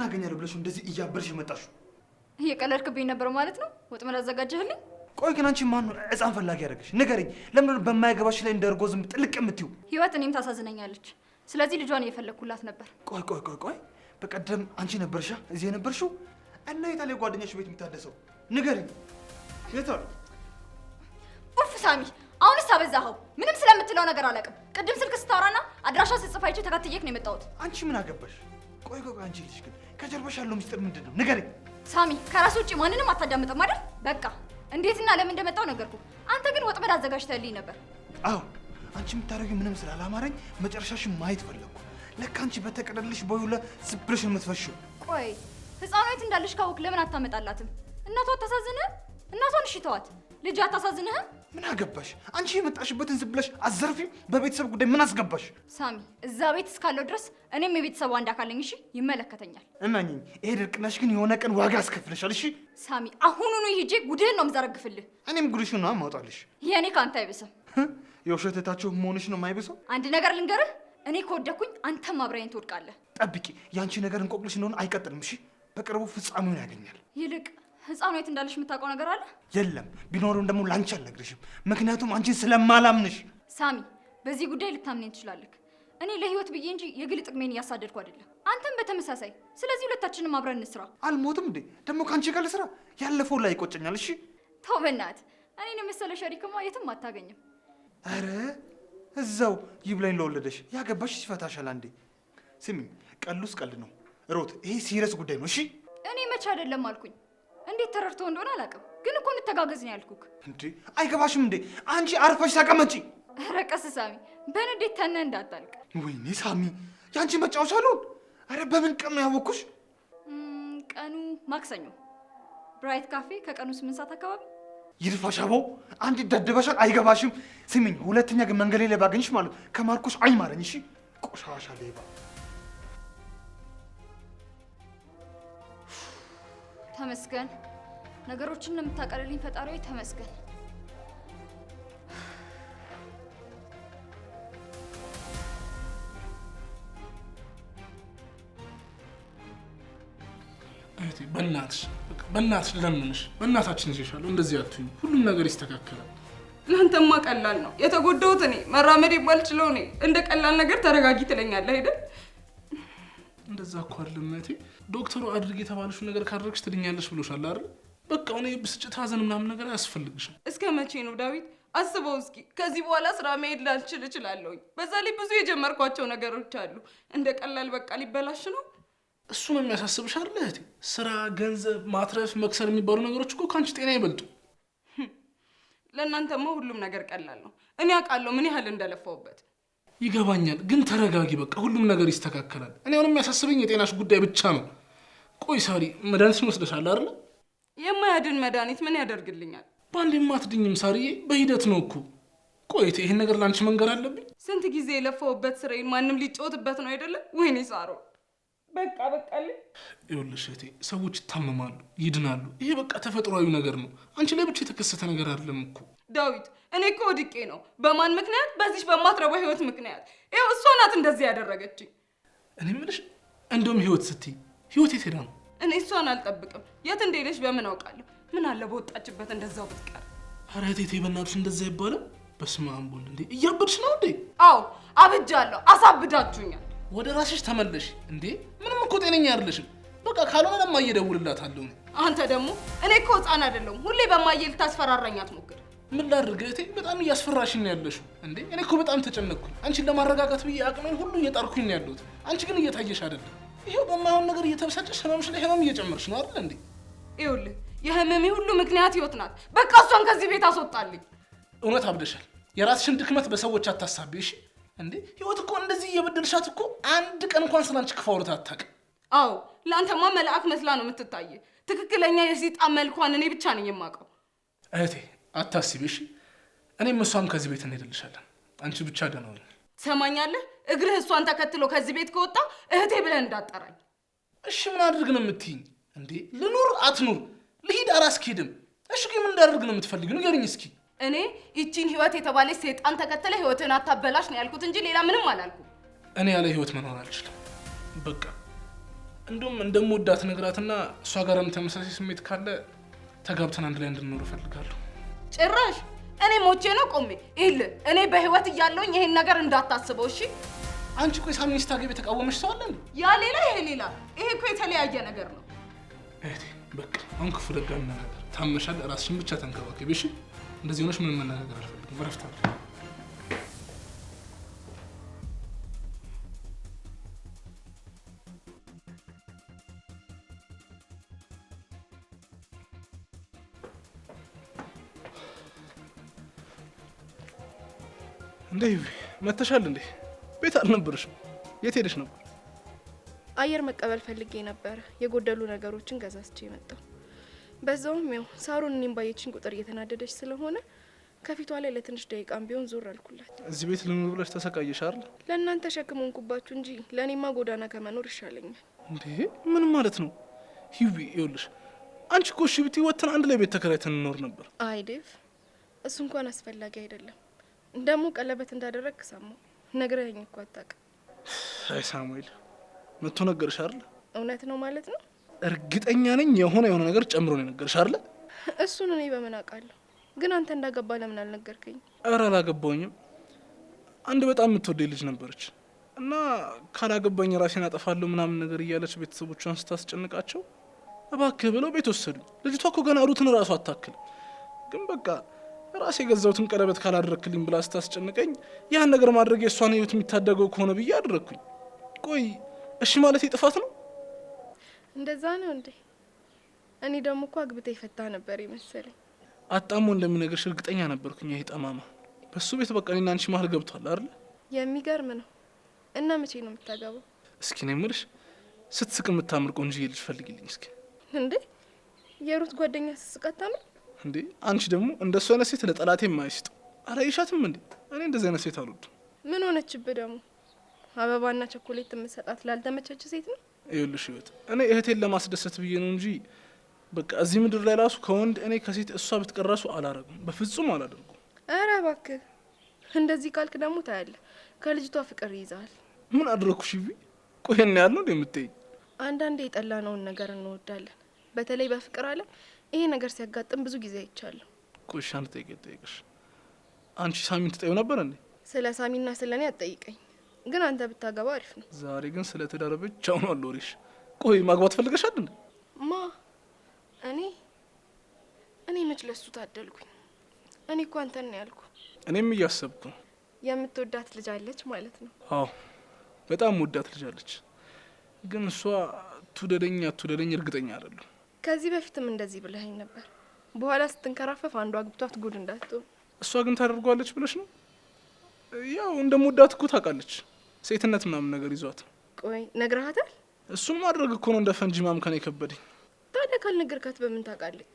ምን አገኛለሁ ብለሽ እንደዚህ እያበርሽ የመጣሽው? እየቀለድክብኝ ነበር ማለት ነው? ወጥመድ አዘጋጀህልኝ? ቆይ ግን አንቺ ማን ነው ህፃን ፈላጊ ያደረገሽ? ንገሪኝ። ለምን በማይገባሽ ላይ እንደ እርጎ ዝም ጥልቅ የምትዩ? ህይወት እኔም ታሳዝነኛለች። ስለዚህ ልጇን እየፈለግኩላት ነበር። ቆይ ቆይ ቆይ ቆይ፣ በቀደም አንቺ ነበርሻ እዚህ የነበርሽው እና የታለ ጓደኛሽ ቤት የሚታደሰው? ንገሪኝ፣ የታለ? ኡፍ ሳሚ፣ አሁንስ አበዛኸው። ምንም ስለምትለው ነገር አላውቅም። ቅድም ስልክ ስታወራና አድራሻ ስጽፍ አይቼ ነው የመጣሁት። አንቺ ምን አገባሽ? ቆይ ቆይ፣ አንቺ ልጅ ግን ከጀርባሽ ያለው ሚስጥር ምንድን ነው? ንገሪ ሳሚ። ከራስ ውጭ ማንንም አታዳምጥም አይደል? በቃ እንዴትና ለምን እንደመጣው ነገርኩ። አንተ ግን ወጥመድ አዘጋጅተህልኝ ነበር። አዎ፣ አንቺ የምታደርጊው ምንም ስላላማረኝ መጨረሻሽን ማየት ፈለግኩ። ለካ አንቺ በተቀደልሽ በዩለ ስብርሽን የምትፈሺው። ቆይ ህፃኗ የት እንዳለሽ ካወቅ ለምን አታመጣላትም? እናቷ አታሳዝንህም? እናቷን እሺ ልጅ አታሳዝንህም? ምን አገባሽ አንቺ? የመጣሽበትን ዝብለሽ አዘርፊ በቤተሰብ ጉዳይ ምን አስገባሽ? ሳሚ እዛ ቤት እስካለው ድረስ እኔም የቤተሰቡ አንድ አካልኝ እሺ፣ ይመለከተኛል። እመኝኝ፣ ይሄ ድርቅናሽ ግን የሆነ ቀን ዋጋ አስከፍለሻል። እሺ ሳሚ፣ አሁኑኑ ሂጄ ጉድህን ነው የምዘረግፍልህ። እኔም ጉድሽ ነ ማውጣልሽ። የእኔ ከአንተ አይብስም። የውሸተታቸው መሆንሽ ነው የማይብሰው። አንድ ነገር ልንገርህ፣ እኔ ከወደኩኝ አንተም አብራይን ትወድቃለህ። ጠብቂ፣ የአንቺ ነገር እንቆቅልሽ እንደሆነ አይቀጥልም። እሺ፣ በቅርቡ ፍጻሜውን ያገኛል። ይልቅ ህፃኑ የት እንዳለሽ የምታውቀው ነገር አለ? የለም። ቢኖረው ደግሞ ላንቺ አልነግርሽም፣ ምክንያቱም አንቺ ስለማላምንሽ። ሳሚ፣ በዚህ ጉዳይ ልታምነኝ ትችላለህ። እኔ ለህይወት ብዬ እንጂ የግል ጥቅሜን እያሳደድኩ አይደለም፣ አንተም በተመሳሳይ። ስለዚህ ሁለታችንም አብረን እንስራ። አልሞትም እንዴ ደግሞ ከአንቺ ጋር ልስራ? ያለፈው ላይ ይቆጨኛል። እሺ ተው በእናትህ። እኔን የመሰለ ሸሪክማ የትም አታገኝም። አረ እዛው ይብላኝ ለወለደሽ ያገባሽ ሲፈታሻል። አንዴ ስሚ፣ ቀሉስ ቀልድ ነው ሮት፣ ይሄ ሲሪየስ ጉዳይ ነው። እሺ እኔ መቼ አይደለም አልኩኝ እንዴት ተረድቶ እንደሆነ አላውቅም፣ ግን እኮ እንተጋገዝ ነው ያልኩክ። እንዴ አይገባሽም እንዴ? አንቺ አርፈሽ ተቀመጪ። ኧረ ቀስ ሳሚ፣ በንዴት ተነ እንዳታልቅ። ወይኔ ሳሚ፣ ያንቺ መጫወቻ አሉ። አረ በምን ቀን ነው ያወኩሽ? ቀኑ ማክሰኞ፣ ብራይት ካፌ ከቀኑ ስምንት ሰዓት አካባቢ። ይድፋሽ አበው፣ አንድ ደድበሻል። አይገባሽም። ስሚኝ፣ ሁለተኛ ግን መንገድ ላይ ባገኝሽ ማለት ከማርኮሽ አይማረኝ። እሺ ቆሻሻ ሌባ ተመስገን። ነገሮችን ለምታቀልልኝ ፈጣሪ ተመስገን። በእናትሽ በእናትሽ ለምንሽ በእናታችን ይሻሉ። እንደዚህ አትሁኝ። ሁሉም ነገር ይስተካከላል። እናንተማ ቀላል ነው። የተጎዳሁት እኔ መራመድ የማልችለው እኔ። እንደ ቀላል ነገር ተረጋጊ ትለኛለህ አይደል? እንደዛ እኮ አይደለም እህቴ። ዶክተሩ አድርግ የተባለሽ ነገር ካደረግሽ ትድኛለሽ ብሎሻል አይደል? በቃ እኔ ብስጭት፣ ሀዘን ምናምን ነገር አያስፈልግሽም። እስከ መቼ ነው ዳዊት? አስበው እስኪ ከዚህ በኋላ ስራ መሄድ ላልችል እችላለሁኝ። በዛ ላይ ብዙ የጀመርኳቸው ነገሮች አሉ። እንደ ቀላል በቃ ሊበላሽ ነው። እሱ ነው የሚያሳስብሽ አይደል እህቴ? ስራ፣ ገንዘብ፣ ማትረፍ፣ መክሰር የሚባሉ ነገሮች እኮ ከአንቺ ጤና ይበልጡ። ለእናንተማ ሁሉም ነገር ቀላል ነው። እኔ አውቃለሁ ምን ያህል እንደለፋውበት ይገባኛል፣ ግን ተረጋጊ። በቃ ሁሉም ነገር ይስተካከላል። እኔ አሁን የሚያሳስበኝ የጤናሽ ጉዳይ ብቻ ነው። ቆይ ሳሪ፣ መድኒት ወስደሻል አይደለ? የማያድን መድኃኒት ምን ያደርግልኛል? በአንዴ የማትድኝም ሳሪዬ፣ በሂደት ነው እኮ። ቆይቴ፣ ይህን ነገር ለአንቺ መንገር አለብኝ። ስንት ጊዜ የለፈውበት ስራዬን ማንም ሊጫወትበት ነው አይደለም? ወይኔ ሳሮ በቃ በቃልኝ። ይኸውልሽ እህቴ ሰዎች ይታመማሉ፣ ይድናሉ። ይሄ በቃ ተፈጥሯዊ ነገር ነው። አንቺ ላይ ብቻ የተከሰተ ነገር አይደለም እኮ ዳዊት። እኔ እኮ ወድቄ ነው። በማን ምክንያት? በዚች በማትረባ ህይወት ምክንያት። ይኸው እሷ ናት እንደዚህ ያደረገችኝ። እኔ የምልሽ እንደውም ህይወት ስትይ ህይወት የት ሄዳ ነው? እኔ እሷን አልጠብቅም። የት እንደሄደች በምን አውቃለሁ? ምን አለ በወጣችበት እንደዛው ብትቀር። ኧረ እህቴ በእናትሽ እንደዛ ይባላል። በስመ አብ ወልድ፣ እንዴ እያበድሽ ነው እንዴ? አዎ አብጃለሁ። አሳብዳችሁኛል ወደ ራስሽ ተመለሽ። እንዴ ምንም እኮ ጤነኛ አይደለሽም። በቃ ካልሆነ ለማየ እደውልላታለሁ። አንተ ደግሞ እኔ እኮ ህፃን አይደለሁም። ሁሌ በማየ ልታስፈራራኝ አትሞክር። ምን ላድርግ እህቴ፣ በጣም እያስፈራሽኝ ነው ያለሽው። እንዴ እኔ እኮ በጣም ተጨነቅኩኝ። አንቺን ለማረጋጋት ብዬ አቅሜን ሁሉ እየጣርኩኝ ነው ያለሁት። አንቺ ግን እየታየሽ አይደለም። ይሄው በማይሆን ነገር እየተበሳጨሽ ህመምሽ ላይ ህመም እየጨመርሽ ነው አይደል እንዴ? ይኸውልህ የህመሜ ሁሉ ምክንያት ህይወት ናት። በቃ እሷን ከዚህ ቤት አስወጣልኝ። እውነት አብደሻል። የራስሽን ድክመት በሰዎች አታሳቢ እሺ። እንዴ ህይወት እኮ እንደዚህ እየበደልሻት እኮ አንድ ቀን እንኳን ስላንቺ ክፉ አውርታ አታውቅም። አዎ ለአንተማ መልአክ መስላ ነው የምትታየ። ትክክለኛ የሲጣ መልኳን እኔ ብቻ ነኝ የማውቀው። እህቴ አታስቢ እሺ። እኔም እሷም ከዚህ ቤት እንሄድልሻለን። አንቺ ብቻ ደህና ሁኚ። ትሰማኛለህ? እግርህ እሷን ተከትሎ ከዚህ ቤት ከወጣ እህቴ ብለህ እንዳጠራኝ። እሺ ምን አድርግ ነው የምትይኝ? እንዴ ልኑር አትኑር፣ ልሂድ አላስኬድም። እሺ ግን ምን እንዳደርግ ነው የምትፈልግ? ንገሪኝ እስኪ እኔ ይቺን ህይወት የተባለች ሰይጣን ተከተለ ህይወትን አታበላሽ ነው ያልኩት እንጂ ሌላ ምንም አላልኩ እኔ ያለ ህይወት መኖር አልችልም። በቃ እንዲሁም እንደምወዳት ነግራትና እሷ ጋርም ተመሳሳይ ስሜት ካለ ተጋብተን አንድ ላይ እንድንኖር እፈልጋለሁ። ጭራሽ እኔ ሞቼ ነው ቆሜ ይል እኔ በህይወት እያለሁኝ ይሄን ነገር እንዳታስበው እሺ። አንቺ እኮ የሳሚን ስታገቢ የተቃወመሽ ሰው አለን። ያ ሌላ ይሄ ሌላ። ይሄ እኮ የተለያየ ነገር ነው። በቃ አሁን ክፉ ነገር ታመሻል። ራስሽን ብቻ ተንከባከቢ እሺ። እንደዚህ ሆነሽ ምንም መነጋገር አልፈልግም። በረፍታ እንዴ መተሻል እንዴ? ቤት አልነበረሽም? የት ሄደሽ ነበር? አየር መቀበል ፈልጌ ነበረ። የጎደሉ ነገሮችን ገዛዝቼ መጣሁ። በዛውም ያው ሳሩን እኔም ባየችን ቁጥር እየተናደደች ስለሆነ ከፊቷ ላይ ለትንሽ ደቂቃም ቢሆን ዞር አልኩላት። እዚህ ቤት ልኑር ብለሽ ተሰቃየሽ አይደል? ለእናንተ ሸክም ሆንኩባችሁ እንጂ ለእኔማ ጎዳና ከመኖር ይሻለኛል። እንዴ ምን ማለት ነው? ሂዊ ይኸውልሽ፣ አንቺ እኮ እሺ ብትይ ወጥተን አንድ ላይ ቤት ተከራይተን እንኖር ነበር። አይ ዴቭ፣ እሱ እንኳን አስፈላጊ አይደለም። ደግሞ ቀለበት እንዳደረግ ሰማሁ። ነግረኸኝ እኮ አታውቅም። አይ ሳሙኤል መጥቶ ነገርሽ አይደል? እውነት ነው ማለት ነው እርግጠኛ ነኝ የሆነ የሆነ ነገር ጨምሮ ነው የነገርሽ አይደለ? እሱን እኔ በምን አውቃለሁ? ግን አንተ እንዳገባ ለምን አልነገርከኝ? እረ አላገባኝም። አንድ በጣም የምትወደኝ ልጅ ነበረች እና ካላገባኝ ራሴን አጠፋለሁ ምናምን ነገር እያለች ቤተሰቦቿን ስታስጨንቃቸው እባክህ ብለው ቤት ወሰዱኝ። ልጅቷ እኮ ገና ሩትን እራሱ አታክልም። ግን በቃ ራሴ የገዛሁትን ቀለበት ካላደረክልኝ ብላ ስታስጨንቀኝ ያን ነገር ማድረግ የእሷን ህይወት የሚታደገው ከሆነ ብዬ አደረግኩኝ። ቆይ እሺ ማለት ጥፋት ነው? እንደዛ ነው እንዴ? እኔ ደግሞ እኮ አግብታ የፈታ ነበር የመሰለኝ። አጣሞ እንደሚነግርሽ እርግጠኛ ነበርኩኝ። ይሄ ጠማማ በሱ ቤት በቃ እኔና አንቺ መሀል ገብቷል አይደል? የሚገርም ነው። እና መቼ ነው የምታገባው? እስኪ ነው የምልሽ ስትስቅ የምታምር ቆንጆዬ ልጅ ፈልግልኝ እስኪ። እንዴ የሩት ጓደኛ ስትስቅ አታምር እንዴ? አንቺ ደግሞ እንደሱ አይነት ሴት ለጠላቴ የማይስጡ አላይሻትም እንዴ? እኔ እንደዚህ አይነት ሴት አልወድም። ምን ሆነችብህ ደግሞ? አበባና ቸኮሌት የምሰጣት ላልተመቸች ሴት ነው ይኸውልሽ ህይወት እኔ እህቴን ለማስደሰት ብዬ ነው እንጂ በቃ እዚህ ምድር ላይ ራሱ ከወንድ እኔ ከሴት እሷ ብትቀረሱ አላረጉም፣ በፍጹም አላደርጉም። እረ እባክህ እንደዚህ ካልክ ደግሞ ታያለ ከልጅቷ ፍቅር ይይዛል። ምን አድረኩሽ? ቢ ቆይና ያለው እንደ የምትይኝ አንዳንዴ የጠላነውን ነገር እንወዳለን። በተለይ በፍቅር አለም ይሄ ነገር ሲያጋጥም ብዙ ጊዜ አይቻለሁ። ቆሻን ጠይቄ ጠይቅሽ አንቺ ሳሚን ትጠዩ ነበር እንዴ? ስለ ሳሚና ስለ እኔ አትጠይቀኝ። ግን አንተ ብታገባ አሪፍ ነው። ዛሬ ግን ስለ ትዳር ብቻው ነው ቆይ ማግባት ፈልገሻል እንዴ? ማ እኔ እኔ መች ለሱ ታደልኩኝ። እኔ እኮ አንተን ነው ያልኩ። እኔም እያሰብኩ የምትወዳት ልጅ አለች ማለት ነው? አዎ በጣም ወዳት ልጅ አለች። ግን እሷ ቱደደኛ ቱደደኝ እርግጠኛ አይደለም። ከዚህ በፊትም እንደዚህ ብለኸኝ ነበር። በኋላ ስትንከራፈፍ አንዷ አግብቷት ጉድ እንዳትሆን። እሷ ግን ታደርጓለች ብለሽ ነው? ያው እንደምወዳት እኮ ታውቃለች። ሴትነት ምናምን ነገር ይዟት። ቆይ ነግረሃታል? እሱን ማድረግ እኮ ነው እንደ ፈንጂ ማምከን የከበደኝ። ታዲያ ካልነገርካት በምን ታውቃለች?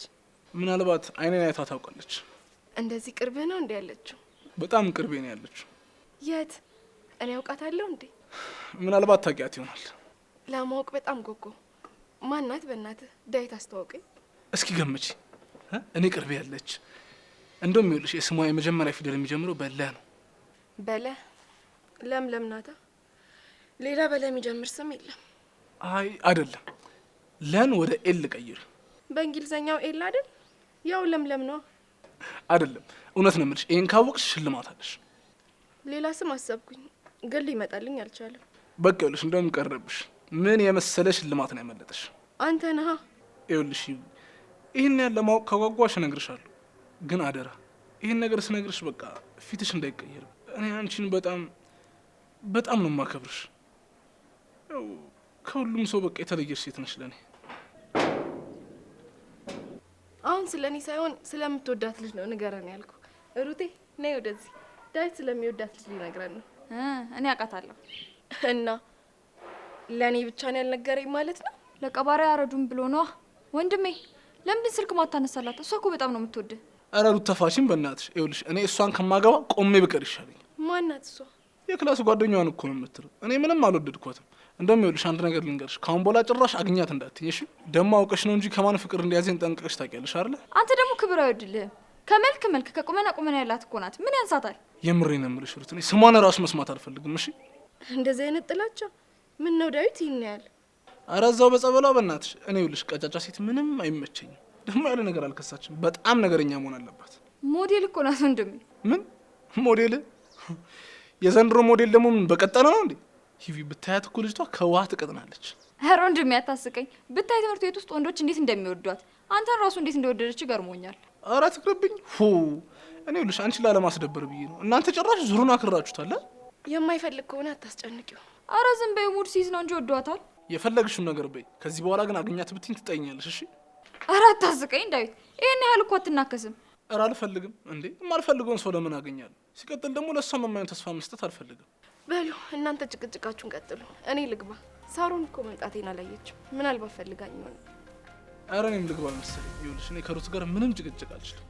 ምናልባት አይኔን አይታ ታውቃለች። እንደዚህ ቅርብህ ነው እንዴ ያለችው? በጣም ቅርቤ ነው ያለችው። የት? እኔ አውቃታለሁ እንዴ? ምናልባት ታውቂያት ይሆናል። ለማወቅ በጣም ጎጎ ማናት? በእናትህ ዳዊት አስተዋውቀኝ እስኪ። ገምች እኔ ቅርቤ ያለች እንደውም ይኸውልሽ፣ የስሟ የመጀመሪያ ፊደል የሚጀምረው በለ ነው። በለ ለምለም ናታ። ሌላ በለም ይጀምር ስም የለም። አይ አይደለም፣ ለን ወደ ኤል ቀይር። በእንግሊዘኛው ኤል አይደል? ያው ለምለም ነው። አይደለም፣ እውነት ነው የምልሽ። ይህን ካወቅሽ ሽልማት አለሽ። ሌላ ስም አሰብኩኝ፣ ግን ሊመጣልኝ አልቻለም። በቃ ይኸውልሽ፣ እንደውም ቀረብሽ። ምን የመሰለ ሽልማት ነው ያመለጠሽ። አንተ ነህ። ይኸውልሽ፣ ይህን ያለ ማወቅ ከጓጓሽ እነግርሻለሁ፣ ግን አደራ ይህን ነገር ስነግርሽ በቃ ፊትሽ እንዳይቀየር። እኔ አንቺን በጣም በጣም ነው የማከብርሽ። ያው ከሁሉም ሰው በቃ የተለየሽ ሴት ነሽ ለእኔ። አሁን ስለ እኔ ሳይሆን ስለምትወዳት ልጅ ነው ንገረን ያልኩ። ሩቴ ነይ ወደዚህ። ዳዊት ስለሚወዳት ልጅ ሊነግረን ነው። እኔ አውቃታለሁ። እና ለእኔ ብቻ ነው ያልነገረኝ ማለት ነው? ለቀባሪ አረዱም ብሎ ነዋ። ወንድሜ ለምን ስልክ ማታነሳላት? እሷ እኮ በጣም ነው የምትወድ። አረ ሩት በእናትሽ። ይኸውልሽ እኔ እሷን ከማገባ ቆሜ ብቀር ይሻለኝ። ማናት እሷ? የክላስ ጓደኛዋን እኮ ነው የምትለው። እኔ ምንም አልወደድኳትም። እንደውም ይኸውልሽ አንድ ነገር ልንገርሽ፣ ከአሁን በኋላ ጭራሽ አግኛት እንዳትኝ እሺ? ደግሞ አውቀሽ ነው እንጂ ከማን ፍቅር እንዲያዘኝ ጠንቅቀሽ ታውቂያለሽ አለ። አንተ ደግሞ ክብር አይወድልህም። ከመልክ መልክ ከቁመና ቁመና ያላት እኮ ናት። ምን ያንሳታል? የምሬ ነው የምልሽ ሩት፣ እኔ ስሟን ራሱ መስማት አልፈልግም። እሺ? እንደዚህ አይነት ጥላቸው ምን ነው ዳዊት ይህን ያህል? አረዛው በጸበሏ በእናትሽ። እኔ ይኸውልሽ ቀጫጫ ሴት ምንም አይመቸኝም። ደግሞ ያለ ነገር አልከሳችም። በጣም ነገረኛ መሆን አለባት። ሞዴል እኮ ናት ወንድሜ። ምን ሞዴል የዘንድሮ ሞዴል ደግሞ ምን በቀጠለ ነው እንዴ? ሂቪ ብታያት እኮ ልጅቷ ከውሃ ትቀጥናለች። ኧረ ወንድሜ አታስቀኝ። ብታይ ትምህርት ቤት ውስጥ ወንዶች እንዴት እንደሚወዷት አንተን ራሱ እንዴት እንደወደደች ገርሞኛል። ኧረ ትቅርብኝ። ሁ እኔ ልሽ አንቺ ላለማስደበር ብዬ ነው። እናንተ ጭራሽ ዙሩን አክራችሁታል። የማይፈልግ ከሆነ አታስጨንቂው። አረ ዝም በይ። ሙድ ሲይዝ ነው እንጂ ወዷታል። የፈለግሽውን ነገር በይ። ከዚህ በኋላ ግን አገኛት ብትኝ ትጠይኛለሽ። እሺ። ኧረ አታስቀኝ ዳዊት፣ ይህን ያህል እኮ አትናከስም። እረ አልፈልግም እንዴ! የማልፈልገውን ሰው ለምን አገኛለሁ? ሲቀጥል ደግሞ ለእሷ መማኙን ተስፋ መስጠት አልፈልግም። በሉ እናንተ ጭቅጭቃችሁን ቀጥሉ፣ እኔ ልግባ። ሳሮን እኮ መምጣቴን አላየችም። ምናልባት ፈልጋኝ ሆነ እረ እኔም ልግባ መሰለኝ። ይኸውልሽ እኔ ከሩት ጋር ምንም ጭቅጭቅ አልችልም።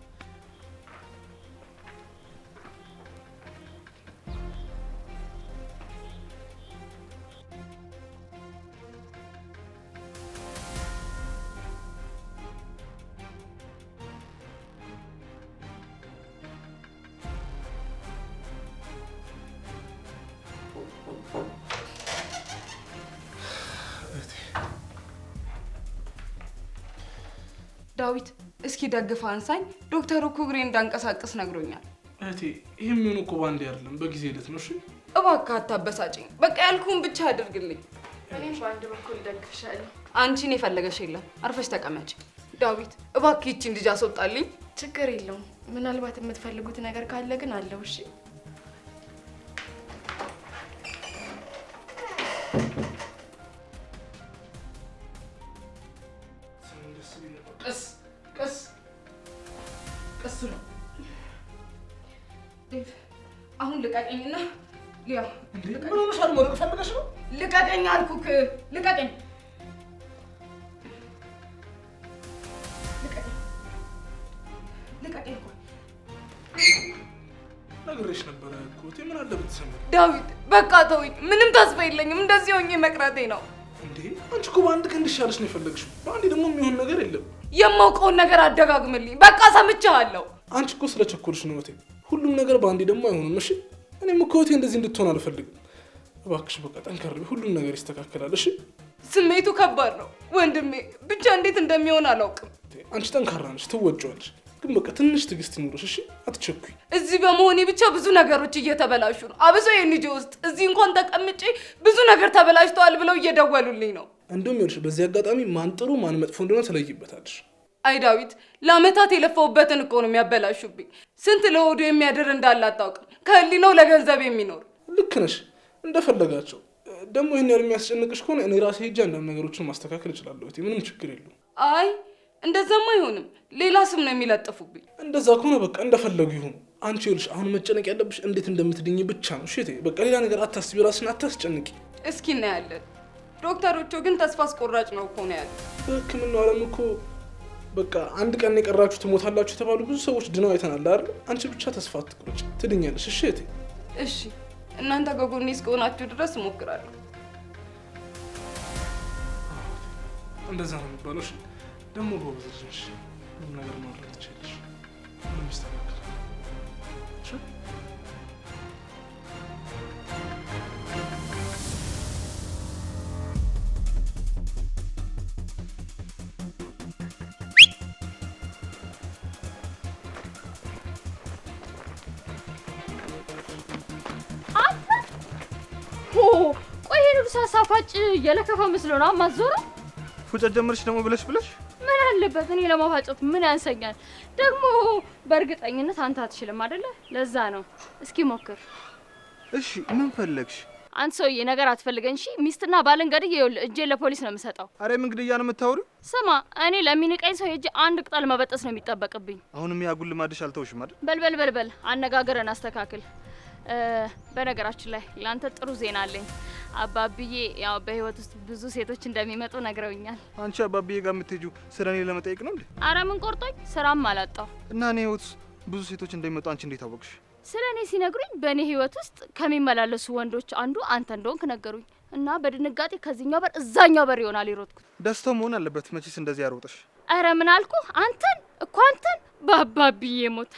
ደግፈ አንሳኝ፣ ዶክተሩ እኮ እግሬ እንዳንቀሳቀስ ነግሮኛል። እህቴ ይህ የሚሆኑ እኮ ባንዴ አይደለም በጊዜ ሂደት ነው። እሺ እባክህ አታበሳጭኝ። በቃ ያልኩህን ብቻ አድርግልኝ። እኔም በአንድ በኩል ደግፍሻለሁ። አንቺን የፈለገሽ የለም። አርፈሽ ተቀመጭ። ዳዊት እባክህ ይቺን ልጅ አስወጣልኝ። ችግር የለውም። ምናልባት የምትፈልጉት ነገር ካለ ግን አለው። እሺ ዳዊት በቃ ተውኝ። ምንም ተስፋ የለኝም። እንደዚህ ሆኜ መቅረቴ ነው። እንዴ አንቺ እኮ በአንድ ቀን እንዲሻለሽ ነው የፈለግሽው። በአንዴ ደግሞ የሚሆን ነገር የለም። የማውቀውን ነገር አደጋግምልኝ። በቃ ሰምቻለሁ። አንቺ እኮ ስለ ቸኮልሽ ነው እቴ። ሁሉም ነገር በአንዴ ደግሞ አይሆንም። እሺ እኔም እኮ እቴ እንደዚህ እንድትሆን አልፈልግም። እባክሽ በቃ ጠንከር፣ ሁሉም ነገር ይስተካከላል። እሺ ስሜቱ ከባድ ነው ወንድሜ። ብቻ እንዴት እንደሚሆን አላውቅም። አንቺ ጠንካራ ነሽ፣ ትወጪዋለሽ ግን በቃ ትንሽ ትዕግስት ይኑርሽ እሺ፣ አትቸኩ። እዚህ በመሆኔ ብቻ ብዙ ነገሮች እየተበላሹ ነው። አብሶ የኒጆ ውስጥ እዚህ እንኳን ተቀምጬ ብዙ ነገር ተበላሽተዋል ብለው እየደወሉልኝ ነው። እንደውም ይኸውልሽ፣ በዚህ አጋጣሚ ማን ጥሩ ማን መጥፎ እንደሆነ ትለይበታለሽ። አይ ዳዊት፣ ለአመታት የለፋውበትን እኮ ነው የሚያበላሹብኝ። ስንት ለሆዱ የሚያድር እንዳለ አታውቅም። ከህሊናው ለገንዘብ የሚኖር ልክ ነሽ። እንደፈለጋቸው ደግሞ ይህን ያህል የሚያስጨንቅሽ ከሆነ እኔ ራሴ ሄጄ አንዳንድ ነገሮችን ማስተካከል እችላለሁ። ምንም ችግር የለውም። አይ እንደዛማ አይሆንም። ሌላ ስም ነው የሚለጥፉብኝ። እንደዛ ከሆነ በቃ እንደፈለጉ ይሁን። አንቺ ይኸውልሽ፣ አሁን መጨነቅ ያለብሽ እንዴት እንደምትድኝ ብቻ ነው። እሺ እቴ፣ በቃ ሌላ ነገር አታስቢ፣ ራስን አታስጨንቂ። እስኪ እናያለን። ዶክተሮቹ ግን ተስፋ አስቆራጭ ነው እኮ ነው ያለ። በሕክምናው ዓለም እኮ በቃ አንድ ቀን የቀራችሁ ትሞታላችሁ የተባሉ ብዙ ሰዎች ድነው አይተናል አይደል? አንቺ ብቻ ተስፋ አትቁረጭ፣ ትድኛለሽ። እሺ እቴ። እሺ፣ እናንተ ከጎኔ እስከሆናችሁ ድረስ እሞክራለሁ። እንደዛ ነው የሚባለው። Ben było zresztą. Równego morza odcięliśmy. No mi stało. Czy? ቆይ ይሄን ልብስ አሳፋጭ የለከፈ ምስል ነው አማዞረ ፉጨት ጀመርሽ ደግሞ ብለሽ ብለሽ ባለበት እኔ ለማፋጨት ምን ያንሰኛል? ደግሞ በእርግጠኝነት አንተ አትችልም አይደለ? ለዛ ነው። እስኪ ሞክር። እሺ፣ ምን ፈለግሽ? አንተ ሰውዬ ነገር አትፈልገን። እሺ፣ ሚስትና ባልን ገድዬ ይኸውልህ፣ እጄ ለፖሊስ ነው የምሰጠው። አሬ ምን ግድያ ነው የምታወሪው? ስማ፣ እኔ ለሚንቀኝ ሰው እጄ አንድ ቅጠል መበጠስ ነው የሚጠበቅብኝ። አሁንም ያጉል ልማድሽ አልተውሽም አይደል? በልበል በልበል፣ አነጋገርን አስተካክል። በነገራችን ላይ ለአንተ ጥሩ ዜና አለኝ። አባብዬ ያው በህይወት ውስጥ ብዙ ሴቶች እንደሚመጡ ነግረውኛል። አንቺ አባብዬ ጋር የምትሄጁ ስለ እኔ ለመጠየቅ ነው እንዴ? አረ ምን ቆርጦኝ፣ ስራም አላጣው እና እኔ ህይወት ውስጥ ብዙ ሴቶች እንደሚመጡ አንቺ እንዴት አወቅሽ? ስለ እኔ ሲነግሩኝ በእኔ ህይወት ውስጥ ከሚመላለሱ ወንዶች አንዱ አንተ እንደሆንክ ነገሩኝ እና በድንጋጤ ከዚህኛው በር እዛኛው በር ይሆናል የሮጥኩት። ደስተው መሆን አለበት መቼስ እንደዚህ ያሮጥሽ። አረ ምን አልኩ? አንተን እኮ አንተን ባባብዬ ሞት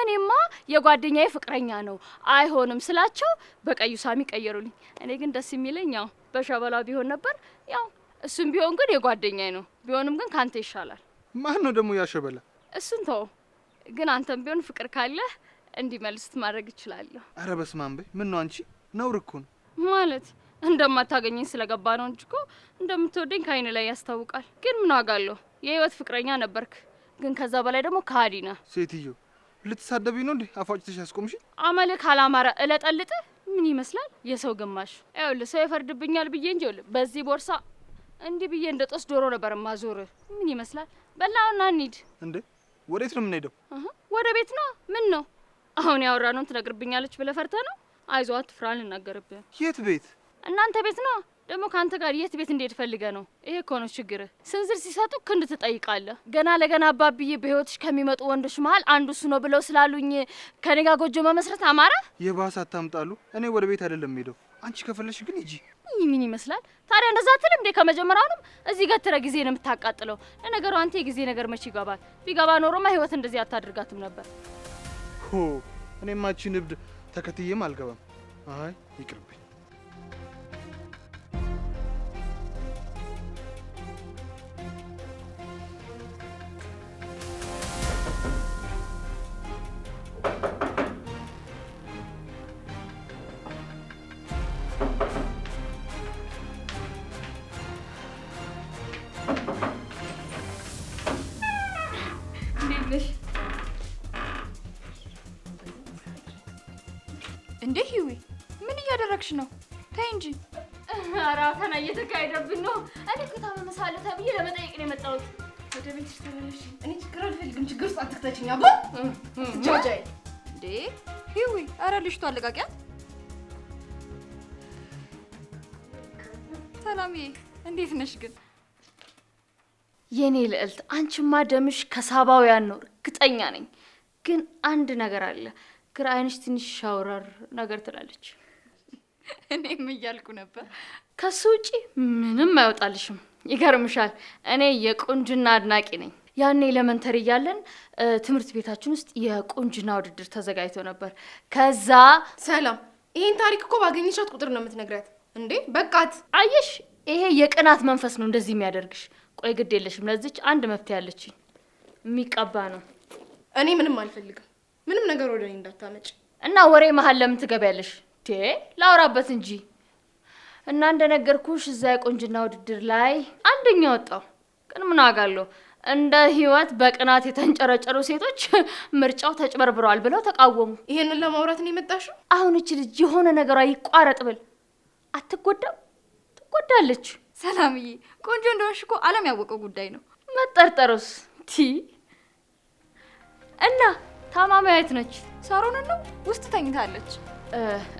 እኔማ የጓደኛዬ ፍቅረኛ ነው አይሆንም ስላቸው በቀዩ ሳሚ ቀየሩልኝ። እኔ ግን ደስ የሚለኝ ያው በሸበላ ቢሆን ነበር። ያው እሱም ቢሆን ግን የጓደኛዬ ነው። ቢሆንም ግን ካንተ ይሻላል። ማን ነው ደግሞ ያሸበላ? እሱን ተው። ግን አንተም ቢሆን ፍቅር ካለህ እንዲመልስት ማድረግ እችላለሁ። አረ በስመ አብ! ምን ነው አንቺ ነውር እኮ ነው ማለት እንደማታገኘኝ ስለገባ ነው እንጂ እኮ እንደምትወደኝ ከአይን ላይ ያስታውቃል። ግን ምን ዋጋ አለው? የህይወት ፍቅረኛ ነበርክ። ግን ከዛ በላይ ደግሞ ከሀዲ ነህ። ሴትዮ ልትሳደብ ነው እንዴ? አፏጭተሽ ያስቆምሽ። አመልህ ካላማረ እለጠልጥ ምን ይመስላል? የሰው ግማሽ። ይኸውልህ ሰው ይፈርድብኛል ብዬ እንጂ ይኸውልህ በዚህ ቦርሳ እንዲህ ብዬ እንደ ጦስ ዶሮ ነበር ማዞር። ምን ይመስላል? በላውና እንሂድ። እንዴ ወዴት ነው የምንሄደው? ወደ ቤት ነው። ምን ነው አሁን ያወራነውን ትነግርብኛለች ብለህ ፈርተህ ነው? አይዞህ አትፍራ፣ አልናገርብህ። የት ቤት? እናንተ ቤት ነው ደግሞ ከአንተ ጋር የት ቤት እንዴት ፈልገ ነው? ይሄ እኮ ነው ችግር። ስንዝር ሲሰጡ ክንድ ትጠይቃለህ። ገና ለገና አባብዬ በህይወትሽ ከሚመጡ ወንዶች መሀል አንዱ እሱ ነው ብለው ስላሉኝ ከኔ ጋር ጎጆ መመስረት አማራ። የባሰ አታምጣሉ። እኔ ወደ ቤት አይደለም ሄደው፣ አንቺ ከፈለሽ ግን ሂጂ። ምን ይመስላል ታዲያ? እንደዛ አትልም እንዴ? ከመጀመሪያውንም እዚህ ገትረ ጊዜ ነው የምታቃጥለው። ለነገሩ አንተ የጊዜ ነገር መቼ ይገባል? ቢገባ ኖሮማ ህይወት እንደዚህ አታድርጋትም ነበር። ሆ እኔማቺ ንብድ ተከትዬም አልገባም። አይ ይቅርብኝ። ወደ ቤትሽ ተመለሽ። እኔ ችግር አልፈልግም። ችግር ውስጥ አትክተችኝ። አቦ ጃጃይ እንዴ ሂዊ አረ ልጅቷ አለቃቂያ ሰላምዬ እንዴት ነሽ ግን? የኔ ልዕልት አንቺማ ደምሽ ከሳባውያን ነው እርግጠኛ ነኝ። ግን አንድ ነገር አለ፣ ግራ አይንሽ ትንሽ ሻውራር ነገር ትላለች። እኔም እያልኩ ነበር። ከሱ ውጪ ምንም አይወጣልሽም። ይገርምሻል፣ እኔ የቁንጅና አድናቂ ነኝ። ያኔ ኤሌመንተሪ እያለን ትምህርት ቤታችን ውስጥ የቁንጅና ውድድር ተዘጋጅቶ ነበር። ከዛ ሰላም፣ ይህን ታሪክ እኮ ባገኘሻት ቁጥር ነው የምትነግረት እንዴ። በቃት። አየሽ፣ ይሄ የቅናት መንፈስ ነው እንደዚህ የሚያደርግሽ። ቆይ ግድ የለሽም፣ ለዚች አንድ መፍትሄ አለችኝ። የሚቀባ ነው። እኔ ምንም አልፈልግም። ምንም ነገር ወደ እኔ እንዳታመጭ እና ወሬ መሀል ለምን ትገቢያለሽ? ቴ ላውራበት እንጂ እና እንደነገርኩሽ እዛ የቆንጅና ውድድር ላይ አንደኛ ወጣው። ግን ምን ዋጋ እንደ ህይወት በቅናት የተንጨረጨሩ ሴቶች ምርጫው ተጭበርብረዋል ብለው ተቃወሙ። ይሄንን ለማውራት ነው የመጣሽው? አሁን እች ልጅ የሆነ ነገሯ ይቋረጥ ብል አትጎዳም? ትጎዳለች። ሰላምዬ፣ ቆንጆ እንደሆንሽ እኮ ዓለም ያወቀው ጉዳይ ነው። መጠርጠሩስ ቲ እና ታማሚ የት ነች? ሳሮንን ነው ውስጥ ተኝታለች።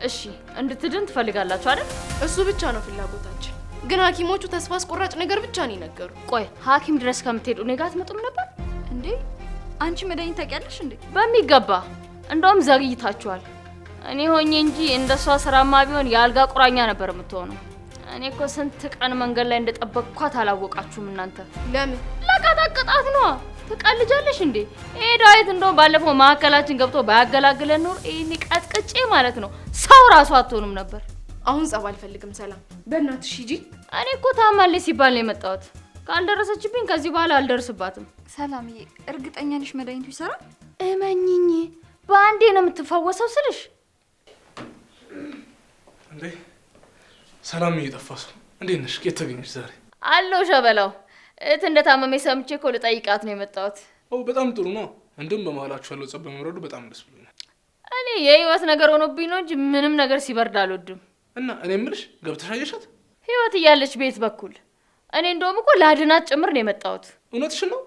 እሺ እንድትድን ትፈልጋላችሁ አይደል? እሱ ብቻ ነው ፍላጎታችን። ግን ሐኪሞቹ ተስፋ አስቆራጭ ነገር ብቻ ነው የነገሩ። ቆይ ሐኪም ድረስ ከምትሄዱ እኔ ጋር አትመጡም ነበር እንዴ? አንቺ መድኃኒት ታውቂያለሽ እንዴ? በሚገባ እንደውም ዘግይታችኋል። እኔ ሆኜ እንጂ እንደሷ ስራማ ቢሆን የአልጋ ቁራኛ ነበር የምትሆነው። እኔ እኮ ስንት ቀን መንገድ ላይ እንደጠበቅኳት አላወቃችሁም እናንተ። ለምን ለቀጠቅጣት ነዋ ትቀልጃለሽ እንዴ? ይሄ ዳዊት እንደውም ባለፈው ማዕከላችን ገብቶ ባያገላግለን ኖር ይሄኔ ቀጥቅጬ ማለት ነው ሰው ራሱ አትሆንም ነበር። አሁን ጸብ አልፈልግም። ሰላም በእናትሽ ሂጂ። እኔ እኮ ታማለች ሲባል ነው የመጣሁት። ካልደረሰችብኝ ከዚህ በኋላ አልደርስባትም። ሰላምዬ፣ እርግጠኛ ነሽ መድኃኒቱ ይሰራል? እመኝኝ፣ በአንዴ ነው የምትፈወሰው ስልሽ። እንዴ ሰላምዬ፣ ጠፋሽ? እንዴት ነሽ? የት ተገኘሽ ዛሬ? አለሁ ሸበላው እህት እንደታመመ ሰምቼ እኮ ልጠይቃት ነው የመጣሁት። ኦ በጣም ጥሩ ነው። እንዲሁም በመሀላችሁ ያለው ጸብ በመውረዱ በጣም ደስ ብሎኛል። እኔ የህይወት ነገር ሆኖብኝ ነው እንጂ ምንም ነገር ሲበርድ አልወድም። እና እኔ ምልሽ ገብተሽ አየሻት? ህይወት እያለች ቤት በኩል እኔ እንደውም እኮ ለአድናት ጭምር ነው የመጣሁት። እውነትሽ ነው።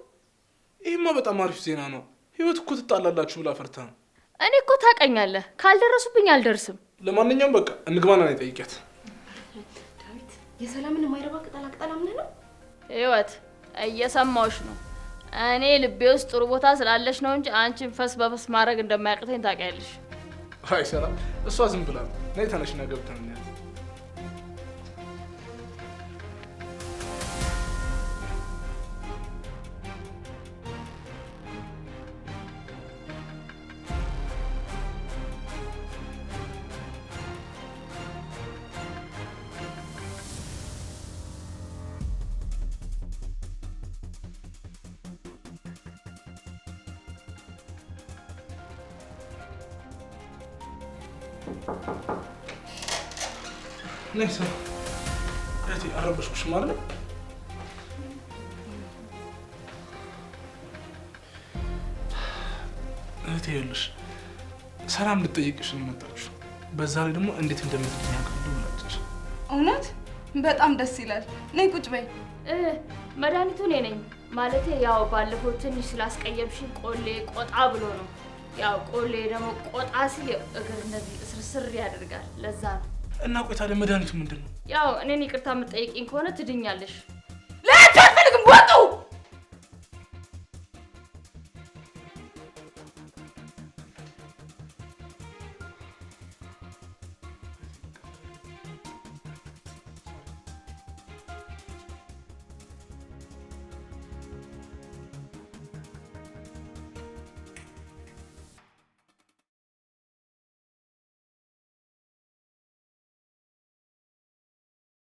ይህማ በጣም አሪፍ ዜና ነው። ህይወት እኮ ትጣላላችሁ ብላ ፈርታ ነው። እኔ እኮ ታውቀኛለህ፣ ካልደረሱብኝ አልደርስም። ለማንኛውም በቃ እንግባና ነው የጠይቂያት። ዳዊት የሰላምን የማይረባ ቅጠላ ቅጠላ ምን ነው ህይወት እየሰማሁሽ ነው። እኔ ልቤ ውስጥ ጥሩ ቦታ ስላለሽ ነው እንጂ አንቺን ፈስ በፈስ ማድረግ እንደማያቅተኝ ታውቂያለሽ። አይ ሰላም፣ እሷ ዝም ብላ ነው። ነይ ተነሽና ገብተን ነይሳ እህቴ አረበሽኩሽም አይደል? እህቴ ይኸውልሽ ሰላም ልጠይቅሽ ነው የመጣችው። በዛ ላይ ደግሞ እንዴት እንደምትጠያቀ ብላለች። እውነት በጣም ደስ ይላል። ነይ ቁጭ በይ። መድኃኒቱ እኔ ነኝ ማለቴ ያው ባለፈው ትንሽ ስላስቀየምሽኝ ቆሌ ቆጣ ብሎ ነው ያው ቆሌ ደግሞ ቆጣ ሲል እግር እንደዚህ ስርስር ያደርጋል። ለዛ ነው። እና ቆይ ታዲያ መድኃኒቱ ምንድን ነው? ያው እኔን ይቅርታ የምጠይቅኝ ከሆነ ትድኛለሽ። ለአንቺ አልፈልግም ወጡ